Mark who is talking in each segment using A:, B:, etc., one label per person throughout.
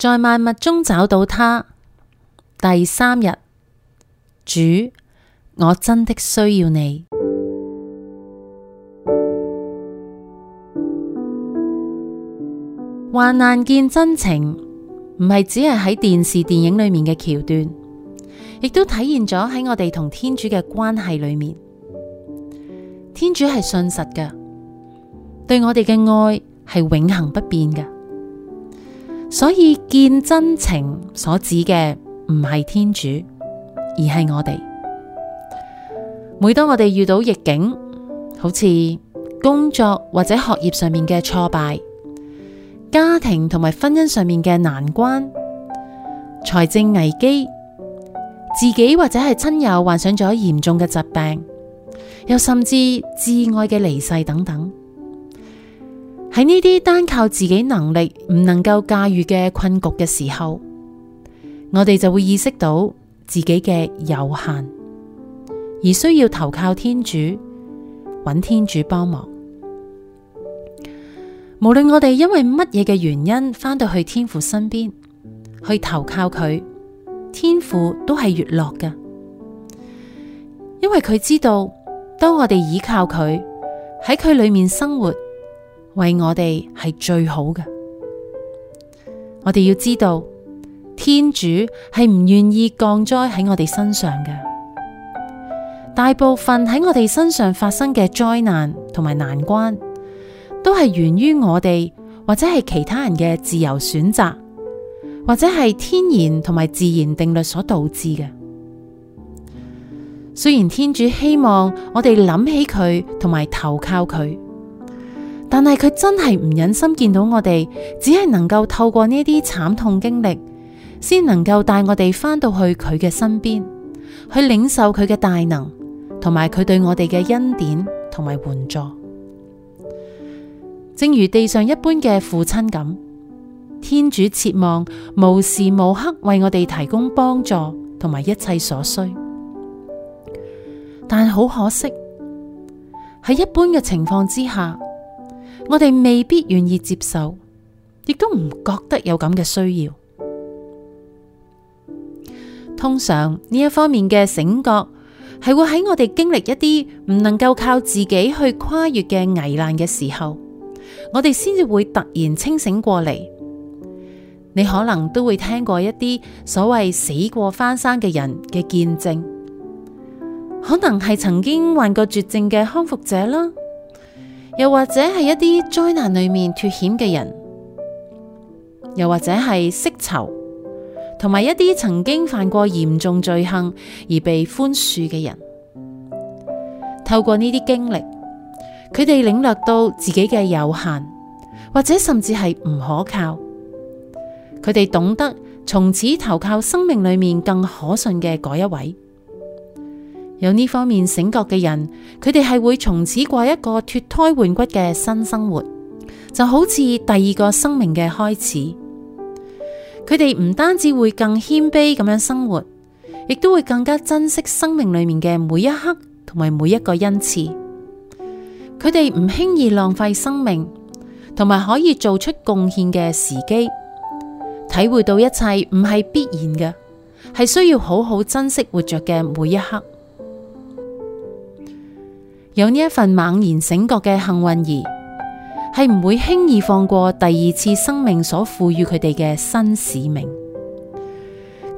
A: 在萬物中找到祂。第三日，主，我真的需要祢。患難見真情，唔係只係喺電視電影裏面嘅橋段，亦都體現咗喺我哋同天主嘅關係裏面。天主係信實嘅，對我哋嘅愛係永恆不變嘅。所以見真情所指嘅唔係天主，而係我哋。每當我哋遇到逆境，好似工作或者學業上面嘅挫敗、家庭同埋婚姻上面嘅難關、財政危機、自己或者係親友患上咗嚴重嘅疾病，又甚至至愛嘅離世等等。喺呢啲單靠自己能力唔能夠駕馭嘅困局嘅時候，我哋就會意識到自己嘅有限，而需要投靠天主，揾天主幫忙。無論我哋因為乜嘢嘅原因翻到去天父身邊，去投靠佢，天父都係悅樂嘅，因為佢知道，當我哋依靠佢，喺佢裏面生活。為我哋係最好嘅，我哋要知道，天主係唔願意降災喺我哋身上嘅。大部分喺我哋身上發生嘅災難同埋難關，都係源於我哋或者係其他人嘅自由選擇，或者係天然同埋自然定律所導致嘅。雖然天主希望我哋諗起佢同埋投靠佢。但係佢真係唔忍心見到我哋，只係能夠透過呢啲慘痛經歷，先能夠帶我哋翻到去佢嘅身邊，去領受佢嘅大能，同埋佢對我哋嘅恩典同埋援助。正如地上一般嘅父親咁，天主切望無時無刻為我哋提供幫助同埋一切所需。但好可惜，喺一般嘅情況之下。我哋未必願意接受，亦都唔覺得有咁嘅需要。通常呢一方面嘅醒覺係會喺我哋經歷一啲唔能夠靠自己去跨越嘅危難嘅時候，我哋先至會突然清醒過嚟。你可能都會聽過一啲所謂死過翻生嘅人嘅見證，可能係曾經患過絕症嘅康復者啦。又或者係一啲災難裏面脫險嘅人，又或者係釋囚，同埋一啲曾經犯過嚴重罪行而被寬恕嘅人，透過呢啲經歷，佢哋領略到自己嘅有限，或者甚至係唔可靠，佢哋懂得從此投靠生命裏面更可信嘅嗰一位。有呢方面醒覺嘅人，佢哋係會從此過一個脱胎換骨嘅新生活，就好似第二個生命嘅開始。佢哋唔單止會更謙卑咁樣生活，亦都會更加珍惜生命裏面嘅每一刻同埋每一個恩賜。佢哋唔輕易浪費生命，同埋可以做出貢獻嘅時機，體會到一切唔係必然嘅，係需要好好珍惜活着嘅每一刻。有呢一份猛然醒覺嘅幸運兒，係唔會輕易放過第二次生命所賦予佢哋嘅新使命。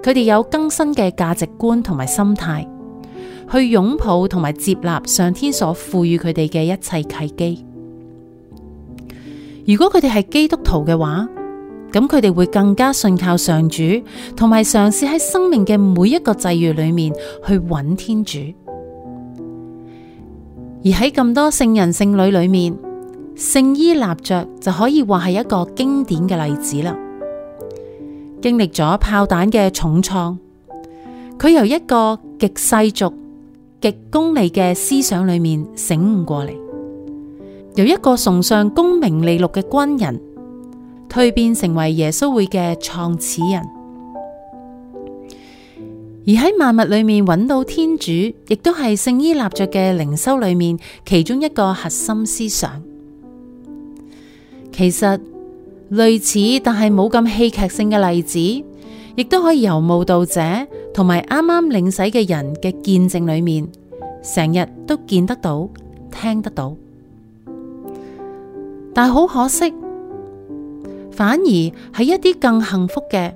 A: 佢哋有更新嘅價值觀同埋心態，去擁抱同埋接納上天所賦予佢哋嘅一切契機。如果佢哋係基督徒嘅話，咁佢哋會更加信靠上主，同埋嘗試喺生命嘅每一個際遇裏面去揾天主。而喺咁多聖人聖女裏面，聖依納爵就可以話係一個經典嘅例子啦。經歷咗炮彈嘅重創，佢由一個極世俗、極功利嘅思想裏面醒悟過嚟，由一個崇尚功名利祿嘅軍人，蛻變成為耶穌會嘅創始人。而喺萬物裏面揾到天主，亦都係聖依納爵嘅靈修裏面其中一個核心思想。其實類似但係冇咁戲劇性嘅例子，亦都可以由慕道者同埋啱啱領洗嘅人嘅見證裏面，成日都見得到、聽得到。但係好可惜，反而喺一啲更幸福嘅，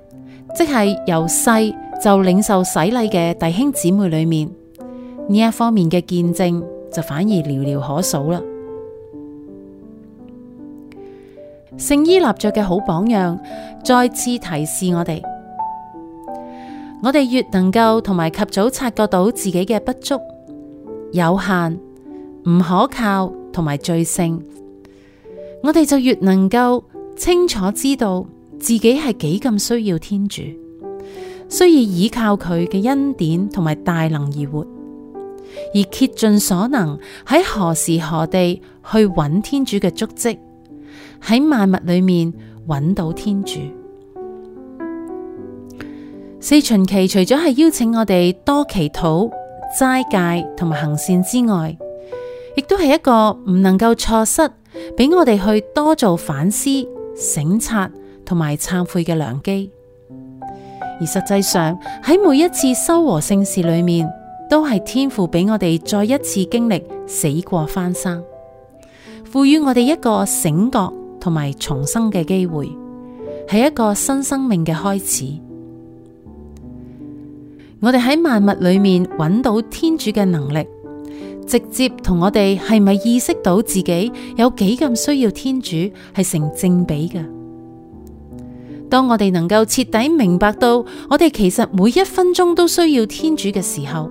A: 即係由細。就領受洗禮嘅弟兄姊妹裏面，呢一方面嘅見證就反而寥寥可數啦。聖依納爵嘅好榜樣再次提示我哋，我哋越能夠同埋及早察覺到自己嘅不足、有限、唔可靠同埋罪性，我哋就越能夠清楚知道自己係幾咁需要天主。需要依靠佢嘅恩典同埋大能而活，而竭盡所能喺何時何地去揾天主嘅足跡，喺萬物裏面揾到天主。四旬期除咗係邀請我哋多祈禱、齋戒同埋行善之外，亦都係一個唔能夠錯失，俾我哋去多做反思、省察同埋懺悔嘅良機。而實際上喺每一次修和聖事裏面，都係天父俾我哋再一次經歷死過翻生，賦予我哋一個醒覺同埋重生嘅機會，係一個新生命嘅開始。我哋喺萬物裏面揾到天主嘅能力，直接同我哋係咪意識到自己有幾咁需要天主，係成正比嘅。當我哋能夠徹底明白到，我哋其實每一分鐘都需要天主嘅時候，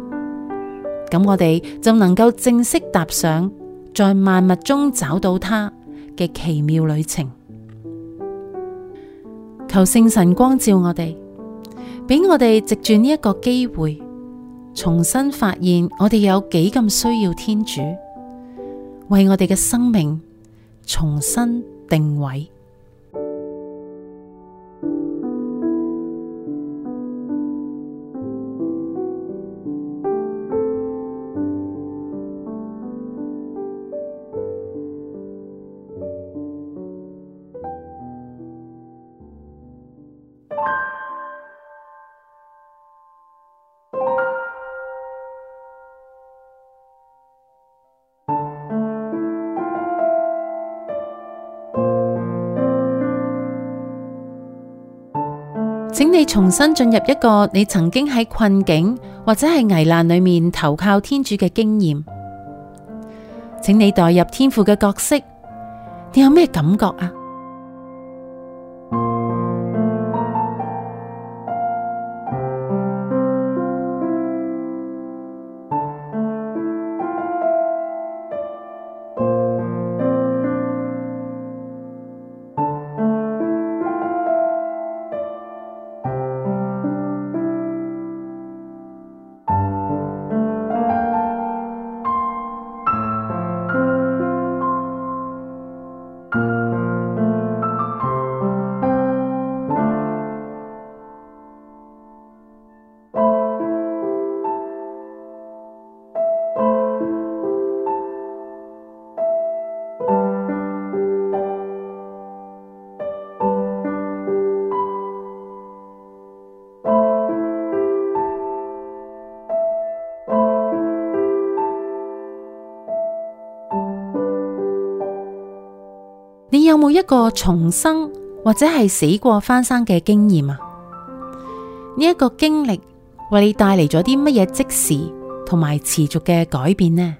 A: 咁我哋就能夠正式踏上在萬物中找到祂嘅奇妙旅程。求聖神光照我哋，俾我哋藉住呢一個機會，重新發現我哋有幾咁需要天主，為我哋嘅生命重新定位。請你重新進入一個你曾經喺困境或者係危難裏面投靠天主嘅經驗，請你代入天父嘅角色，你有咩感覺啊？你有冇一個重生或者係死過翻生嘅經驗啊？呢、這、一個經歷為你帶嚟咗啲乜嘢即時同埋持續嘅改變呢？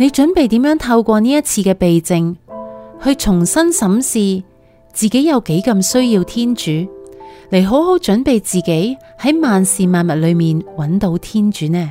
A: 你準備點樣透過呢一次嘅避靜，去重新審視自己有幾咁需要天主，嚟好好準備自己喺萬事萬物裏面搵到天主呢？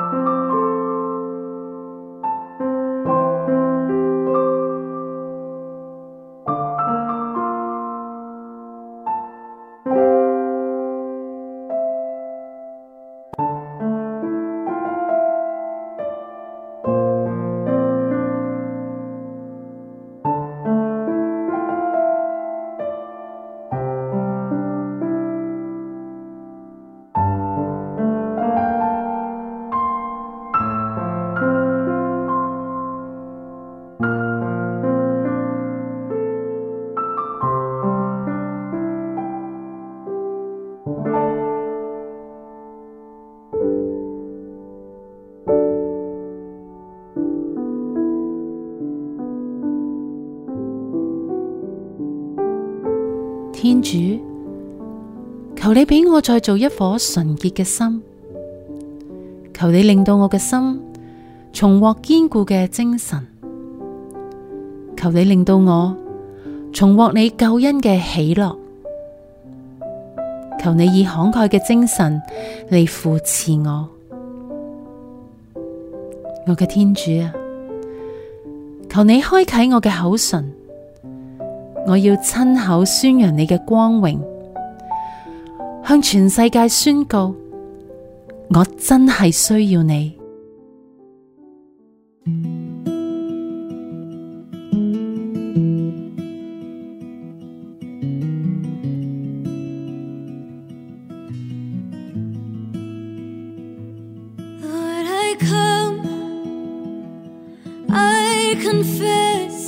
A: 天主，求你俾我再造一顆純潔嘅心，求你令到我嘅心重獲堅固嘅精神，求你令到我重獲你救恩嘅喜樂，求你以慷慨嘅精神嚟扶持我，我嘅天主啊，求你開啟我嘅口唇。我要親口宣揚你嘅光榮，向全世界宣告，我真係需要你。
B: Lord, I